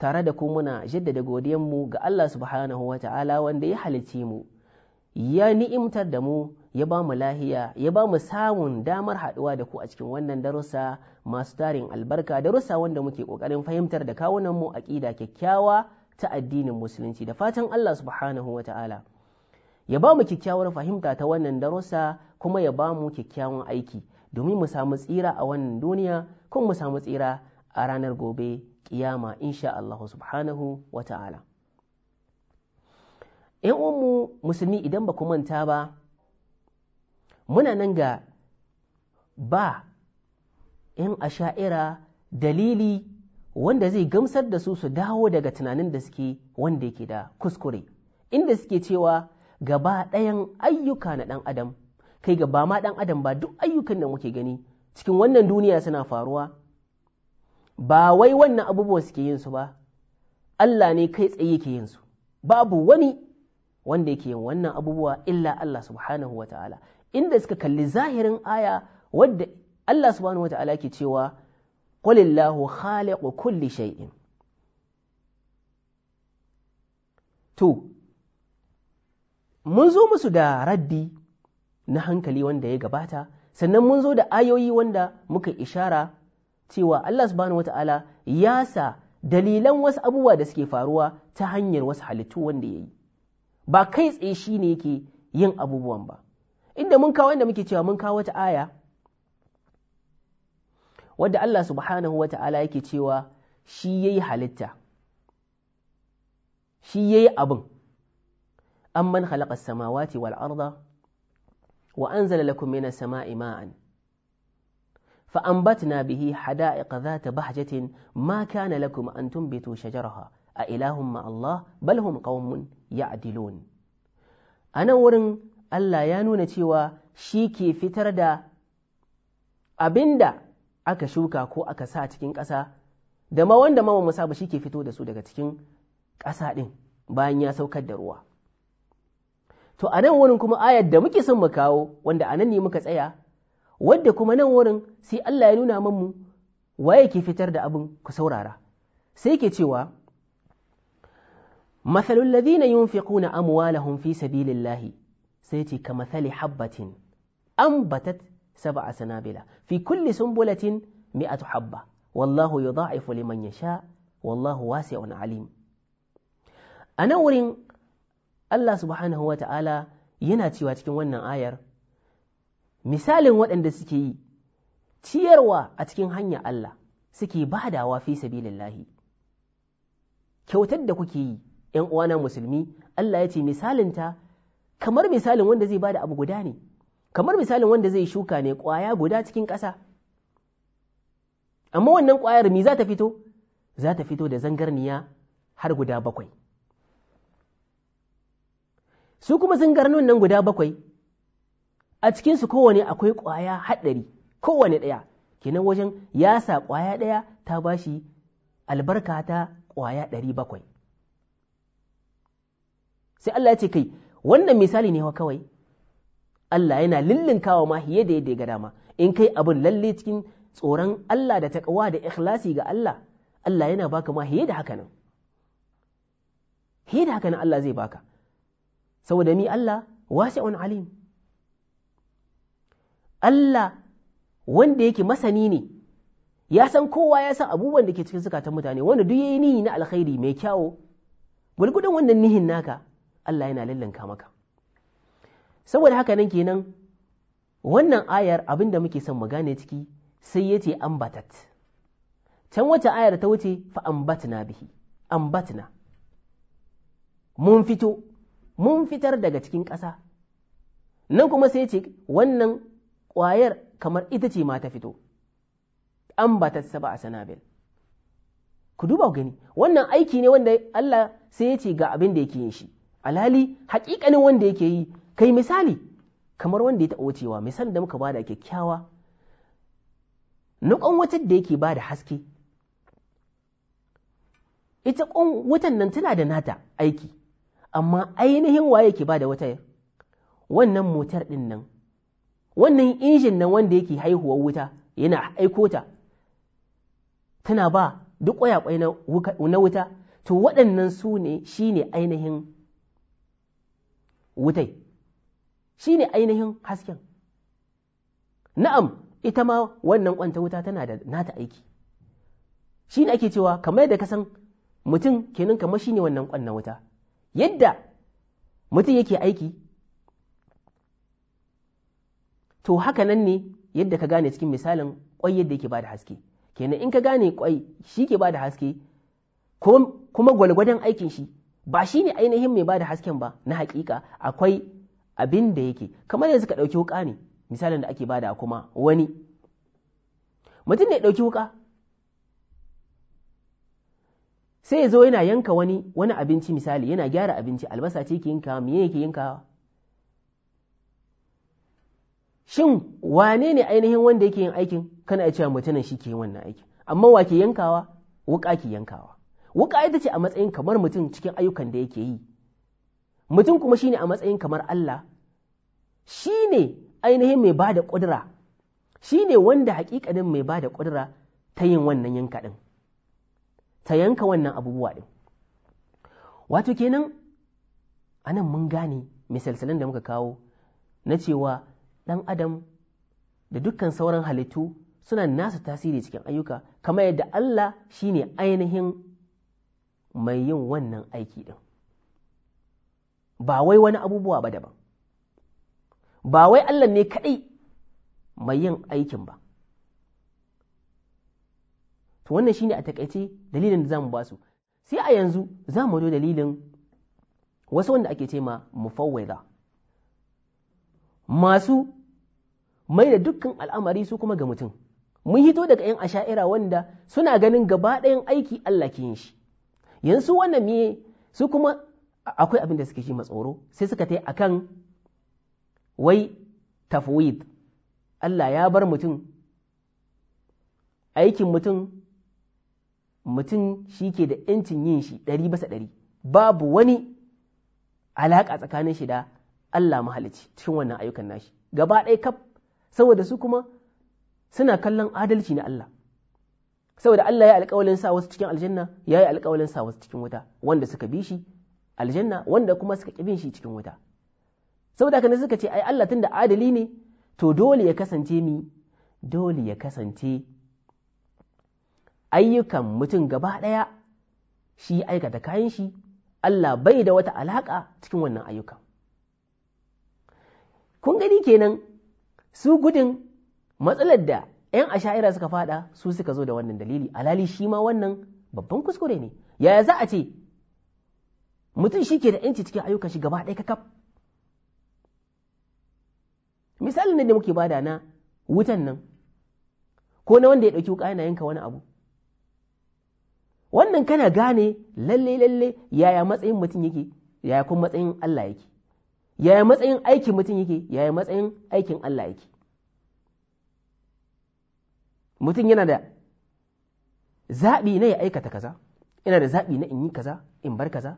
tare da ku muna jaddada godiyanmu ga Allah subhanahu wa ta'ala wanda ya halicce mu ya ni'imtar da mu ya ba mu lahiya ya ba mu samun damar haɗuwa da ku a cikin wannan darussa masu tarin albarka darussa wanda muke ƙoƙarin fahimtar da kawunan mu aƙida kyakkyawa ta addinin musulunci da fatan Allah subhanahu wa ta'ala ya ba mu kyakkyawar fahimta ta wannan darussa kuma ya ba mu kyakkyawan aiki domin mu samu tsira a wannan duniya kuma mu samu tsira a ranar gobe kiyama insha Allah subhanahu wa ta'ala ‘yan uwanmu musulmi idan ba ku manta ba muna nan ga ba ‘yan asha'ira dalili wanda zai gamsar da su su dawo daga tunanin da suke wanda yake da kuskure inda suke cewa gaba ɗayan ayyuka na ɗan adam kai ga ma ɗan adam ba duk ayyukan da muke gani cikin wannan duniya suna faruwa ba wai wannan abubuwan suke yin su ba Allah ne kai tsaye ke yin su babu wani wanda yake yin wannan abubuwa illa Allah subhanahu wa ta'ala inda suka kalli zahirin aya wadda Allah subhanahu wa ta'ala ke cewa qulillahu khaliqu kulli shay'in to mun zo musu da raddi na hankali wanda ya gabata sannan mun zo da ayoyi wanda muka ishara cewa Allah subhanahu wata'ala ya sa dalilan wasu abubuwa da suke faruwa ta hanyar wasu halittu wanda ya yi ba kai tsaye shi ne yake yin abubuwan ba inda mun kawo inda muke cewa mun kawo wata aya wadda Allah subhanahu wa yake cewa shi ya yi halitta shi ya yi abin amman halakar samawati wal arda wa an zala lakum mina sama'i ma'an فأنبتنا به حدائق ذات بهجة ما كان لكم أن تنبتوا شجرها أإله مع الله بل هم قوم wurin Allah ya nuna cewa تيوا شيكي فتر دا أبندا aka shuka ko aka sa cikin ƙasa da ma wanda ma mu saba shike fito da su daga cikin ƙasa ɗin bayan ya saukar da ruwa to a nan wurin kuma ayar da muke son mu kawo wanda a nan ne muka tsaya wadda kuma nan wurin sai Allah ya nuna mamu waye ke fitar da abin ku saurara sai ke cewa mathalul ladhina yunfiquna amwalahum fi sabilillahi sai ce ka mathali habbatin ambatat sab'a sanabila fi kulli sunbulatin mi'atu habba wallahu yudha'ifu liman yasha wallahu wasi'un alim a nan wurin Allah subhanahu wa ta'ala yana cewa cikin wannan ayar misalin waɗanda suke yi ciyarwa a cikin hanya Allah suke badawa fi sabilillahi kyautar da kuke yi ‘yan uwana musulmi Allah ya ce misalinta kamar misalin wanda zai bada abu guda ne kamar misalin wanda zai shuka ne ƙwaya guda cikin ƙasa amma wannan ƙwayar mi za ta fito za ta fito da zangarniya har guda bakwai su kuma zangarnon nan guda bakwai a cikinsu kowane akwai ƙwaya haɗari kowane ɗaya kenan wajen ya sa ƙwaya ɗaya ta bashi. albarka ta ƙwaya ɗari bakwai sai Allah ya ce kai wannan misali ne kawai Allah yana lullunkawa ma hiye da yadda ya ga dama in kai abin lalle cikin tsoron Allah da taƙawa da ikhlasi ga Allah Allah yana baka ma hiye da haka nan hiye da haka nan Allah zai baka saboda mi Allah wasi'un alim Allah wanda yake masani ne ya san kowa ya san abubuwan da ke cikin zukatan mutane wanda duk yayi nihi na alkhairi mai kyawo gulgudan wannan nihin naka Allah yana lallanka maka saboda haka nan kenan wannan ayar abin da muke son mu gane ciki sai yace ambatat can wata ayar ta wuce fa ambatna bihi ambatna mun fito mun fitar daga cikin ƙasa nan kuma sai ce wannan ƙwayar kamar ita ce ma ta fito an ba ta saba a sanabil ku duba gani wannan aiki ne wanda Allah sai ya ce ga abin da yake yin shi alhali haƙiƙanin wanda yake yi kai misali kamar wanda ya taɓa wucewa misal da muka bada kyakkyawa nukon wutar da yake bada haske ita ƙwan wutan nan tana da nata aiki amma ainihin waye ke bada wata? wannan motar ɗin nan wannan injin na wanda yake haihuwar wuta yana aiko ta tana ba duk kwayakwai na wuta to waɗannan su ne shi ne ainihin wutai shi ne ainihin hasken na'am ita ma wannan kwanta wuta tana da nata aiki shi ne ake cewa kamar da kasan mutum kenan kamar shi ne wannan kwanna wuta yadda mutum yake aiki to haka nan ne yadda ka gane cikin misalin kwai yadda yake bada haske kenan in ka gane kwai shi ke bada haske kuma gwalgwadon aikin shi ba shi ne ainihin mai bada hasken ba na hakika akwai abin da yake kamar yanzu ka ɗauki wuka ne misalin da ake bada kuma wani mutum ne ɗauki wuka sai ya zo yana yanka wani wani abinci misali yana gyara abinci albasa ce ke yanka miye yake yanka shin wane ne ainihin wanda yake yin aikin kana cewa mutumin shi ke wannan aikin amma wa ke yankawa wuka ke yankawa wuka ita ce a matsayin kamar mutum cikin ayyukan da yake yi mutum kuma shine a matsayin kamar Allah shine ainihin mai bada kudura shine wanda hakikanin mai bada kudura ta yin wannan yanka din ta yanka wannan abubuwa din wato kenan anan mun gane misalsalan da muka kawo na cewa ɗan adam da dukkan sauran halittu suna nasa tasiri cikin ayyuka kamar yadda Allah shine ainihin mai yin wannan aiki ɗin ba wai wani abubuwa ba daban ba wai Allah ne kaɗai mai yin aikin ba to wannan shine a takaice dalilin da za ba su sai a yanzu za mu dalilin wasu wanda ake ce ma masu mai da dukkan al'amari su kuma ga mutum mun hito daga ‘yan asha'ira wanda suna ganin gaba ɗayan aiki Allah ke yin shi yanzu wannan miye su kuma akwai abin da suke shi matsoro sai suka tai akan wai tafwid Allah ya bar mutum aikin mutum mutum shi ke da ‘yancin yin shi ɗari basa ɗari babu wani alaƙa tsakanin shi da Allah mahalicci cikin wannan ayyukan nashi gaba ɗaya kaf saboda su kuma suna kallon adalci na Allah saboda Allah ya alƙawalin sa wasu cikin aljanna ya yi alƙawalin sa wasu cikin wuta wanda suka bi shi aljanna wanda kuma suka ƙi bin shi cikin wuta saboda haka ne suka ce ai Allah tunda adali ne to dole ya kasance mi dole ya kasance ayyukan mutum gaba ɗaya shi aikata kayan shi Allah bai da wata alaƙa cikin wannan ayyukan kun gani kenan su gudun matsalar da 'yan asha'ira suka fada su suka zo da wannan dalili alali shi ma wannan babban kuskure ne yaya za a ce mutum shi ke da 'yanci cikin ayyukan shi gaba ɗaya kakaf misalin ne da muke bada na wutan nan ko na wanda ya ɗauki wuka yana yanka wani abu wannan kana gane lalle lalle yaya matsayin mutum yake yaya kuma matsayin Allah yake yaya matsayin aikin mutum yake yaya matsayin aikin Allah yake mutum yana da zaɓi na ya aikata kaza yana da zaɓi na in yi kaza in bar kaza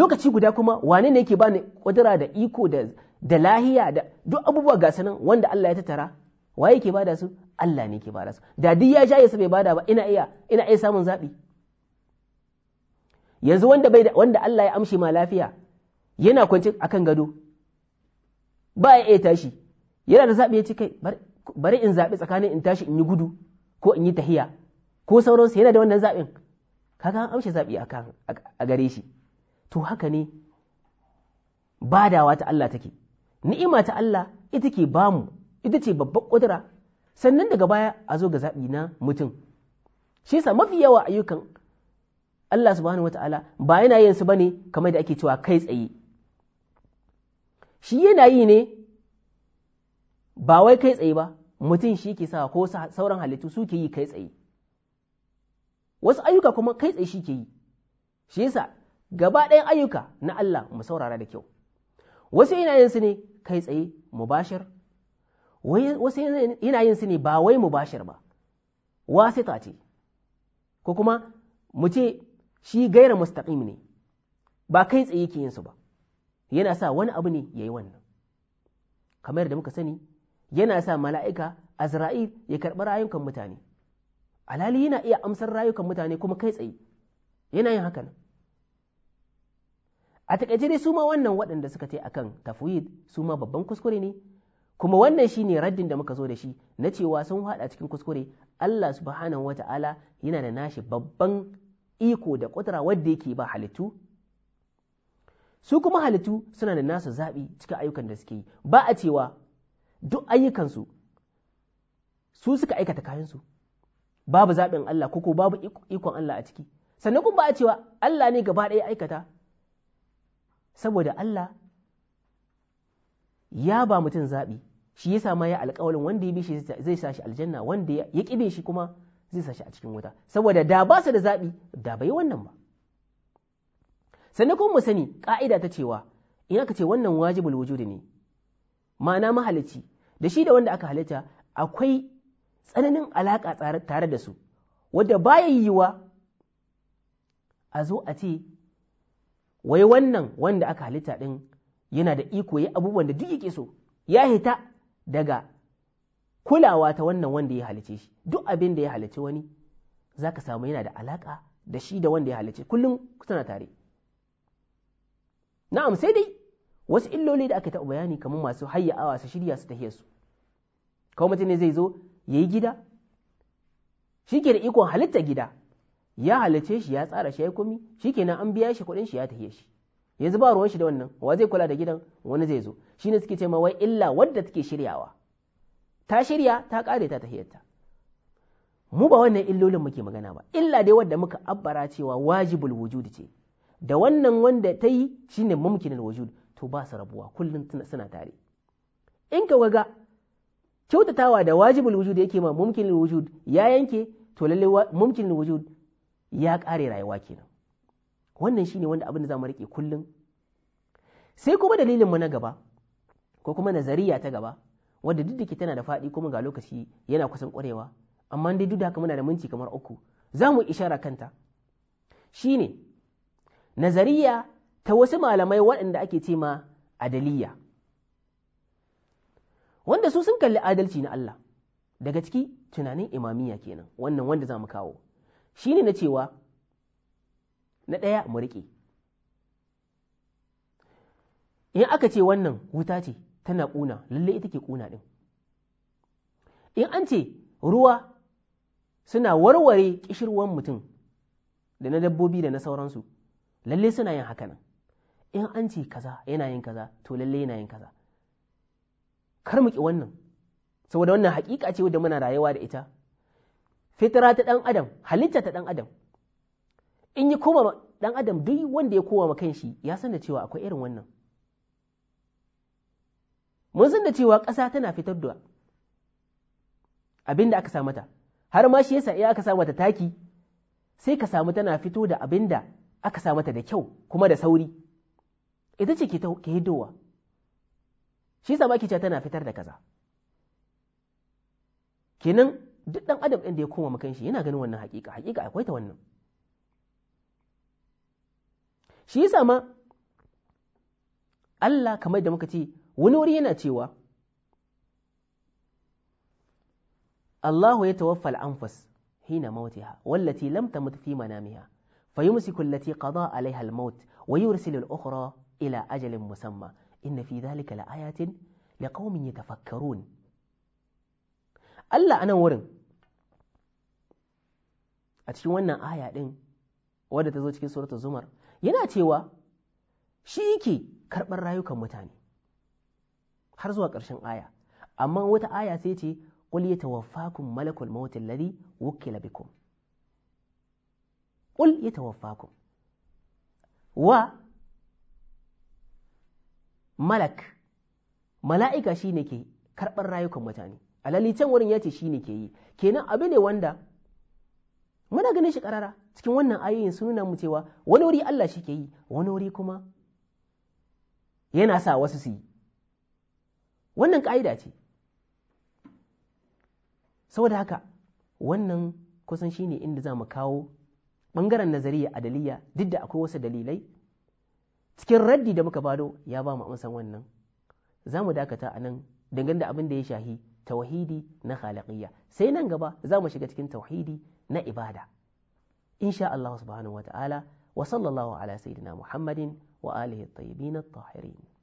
lokaci guda kuma wane ne yake bani kudura da iko da lahiya da duk abubuwa ga sanan wanda Allah ya tattara waye yake bada su Allah ne yake bada su da duk ya jaye su bai bada ba ina iya ina iya samun zaɓi yanzu wanda bai wanda Allah ya amshi ma lafiya yana kwanci kan gado ba ya iya tashi yana da zaɓi ya ce kai bari in zaɓi tsakanin in tashi in yi gudu ko in yi tahiya ko sauransu yana da wannan zaɓin kaga an amshe zaɓi a gare shi to haka ne badawa ta Allah take ni'ima ta Allah ita ke bamu ita ce babbar ƙudura sannan daga baya a zo ga zaɓi na mutum shi yasa mafi yawa ayyukan Allah subhanahu wata'ala ba yana yin su bane kamar da ake cewa kai tsaye shi yana yi ne ba wai kai tsaye ba mutum shi ke sa ko sauran halittu su yi kai tsaye wasu ayyuka kuma kai tsaye shi ke yi shi yasa gaba ɗayan ayyuka na Allah mu saurara da kyau wasu yana yin su ne kai tsaye mubashir wasu yana yin su ne ba wai mubashir ba wasita ce ko kuma mu ce shi gaira mustaqim ne ba kai tsaye ke yin su ba yana sa wani abu ne ya yi wannan kamar da muka sani yana sa mala'ika azra'il ya karɓi rayukan mutane alhali yana iya amsar rayukan mutane kuma kai tsaye yana yin hakan a takaice dai su ma wannan waɗanda suka ce akan tafwid su ma babban kuskure ne kuma wannan shine raddin da muka zo da shi na cewa sun haɗa cikin kuskure Allah subhanahu wata'ala yana da nashi babban iko da ƙudura wadda yake ba halittu su kuma halittu suna da nasa zaɓi cikin ayyukan da suke yi ba a cewa duk ayyukansu su suka aikata kayansu babu zaɓin Allah ko ko babu ikon Allah a ciki sannan kuma ba a cewa Allah ne gaba ɗaya aikata saboda Allah ya ba mutum zaɓi shi ya sama ya alƙawalin wanda ya bi shi zai sa shi aljanna wanda ya ƙi shi kuma zai sa shi a cikin wuta saboda da ba su da zaɓi da bai wannan ba sannan kuma mu sani ƙa'ida ta cewa in aka ce wannan wajibul wujudi ne ma'ana mahalicci da shi da wanda aka halitta akwai tsananin alaƙa tare da su wadda baya yiwuwa a zo a ce wai wannan wanda aka halitta ɗin yana da iko ya abubuwan da duk yake so ya hita daga kulawa ta wannan wanda ya halice shi duk abin da ya halice wani zaka samu yana da alaƙa da shi da wanda ya halice kullum suna tare na'am sai dai wasu illoli da aka taɓa bayani kamar masu hayyawa su shirya su tahiyar su kawai mutum ne zai zo ya yi gida shi ke da ikon halitta gida ya halice shi ya tsara shi ya komi shi na an biya shi kuɗin shi ya tahiyar shi yanzu ba ruwan shi da wannan wa zai kula da gidan wani zai zo shi ne suke ce wai illa wadda take shiryawa ta shirya ta ƙare ta tahiyarta mu ba wannan illolin muke magana ba illa dai wadda muka abbara cewa wajibul wujudi ce da wannan wanda ta yi shine mumkinul wujud to ba su rabuwa kullum suna tare in ka waga kyautatawa da wajibul wujud yake ma mumkinul wujud ya yanke to lalle mumkinul wujud ya kare rayuwa kenan wannan shine wanda abin da za mu rike kullum sai kuma dalilin mu na gaba ko kuma nazariya ta gaba wanda duk da ke tana da faɗi kuma ga lokaci yana kusan kwarewa. amma dai duk da haka muna da minti kamar uku za mu ishara kanta shine nazariya ta wasu malamai waɗanda ake ce ma adaliya wanda su sun kalli adalci na Allah daga ciki tunanin imamiya kenan wannan wanda za mu kawo shi ne na cewa na ɗaya mu riƙe in aka ce wannan wuta ce tana ƙuna lalle ita ke ƙuna ɗin in an ce ruwa suna warware ƙishirwan mutum da na dabbobi da na sauransu lalle suna yin haka in an ce kaza yana yin kaza to lalle yana yin kaza kar mu wannan saboda wannan hakika ce wadda muna rayuwa da ita fitira ta dan adam halitta ta dan adam in yi koma dan adam duk wanda ya koma kan shi ya san da cewa akwai irin wannan mun san da cewa ƙasa tana fitar da abin da aka samu ta har ma shi yasa iya aka samu ta taki sai ka samu tana fito da abin da aka sa mata da kyau kuma da sauri ita ce ke hidowa shi sa ce tana fitar da kaza kenan duk dan adam ɗin da ya koma makan shi yana ganin wannan hakika hakika akwai ta wannan shi sa ma Allah kamar da muka ce wani wuri yana cewa Allahu ya tawaffa al hina mautiha wallati lam tamut fi manamiha فيمسك التي قضى عليها الموت ويرسل الأخرى إلى أجل مسمى إن في ذلك لآيات لقوم يتفكرون Allah anan wurin a cikin wannan aya ɗin wadda ta zo cikin suratul zumar yana cewa shi yake karɓar rayukan mutane har zuwa ƙarshen aya amma wata aya sai ce qul yatawaffakum malakul maut alladhi wukila قل يتوفاكم و ملك mala'ika shi ne ke karɓar rayukan mutane alali can wurin ya ce shi ne ke yi kenan abu ne wanda muna ganin shi ƙarara cikin wannan ayoyin sun nuna mu cewa wani wuri Allah shi ke yi wani wuri kuma yana sa wasu su yi wannan ƙa'ida ce saboda haka wannan kusan shi ne inda za mu kawo ɓangaren nazariya adaliya duk da akwai wasu dalilai cikin raddi da muka bado ya ba mu amsan wannan za mu dakata a nan dangane da abin da ya shahi tauhidi na khaliqiyya sai nan gaba za mu shiga cikin tauhidi na ibada insha Allah subhanahu wa ta'ala wa sallallahu ala sayyidina Muhammadin wa alihi at-tayyibin at-tahirin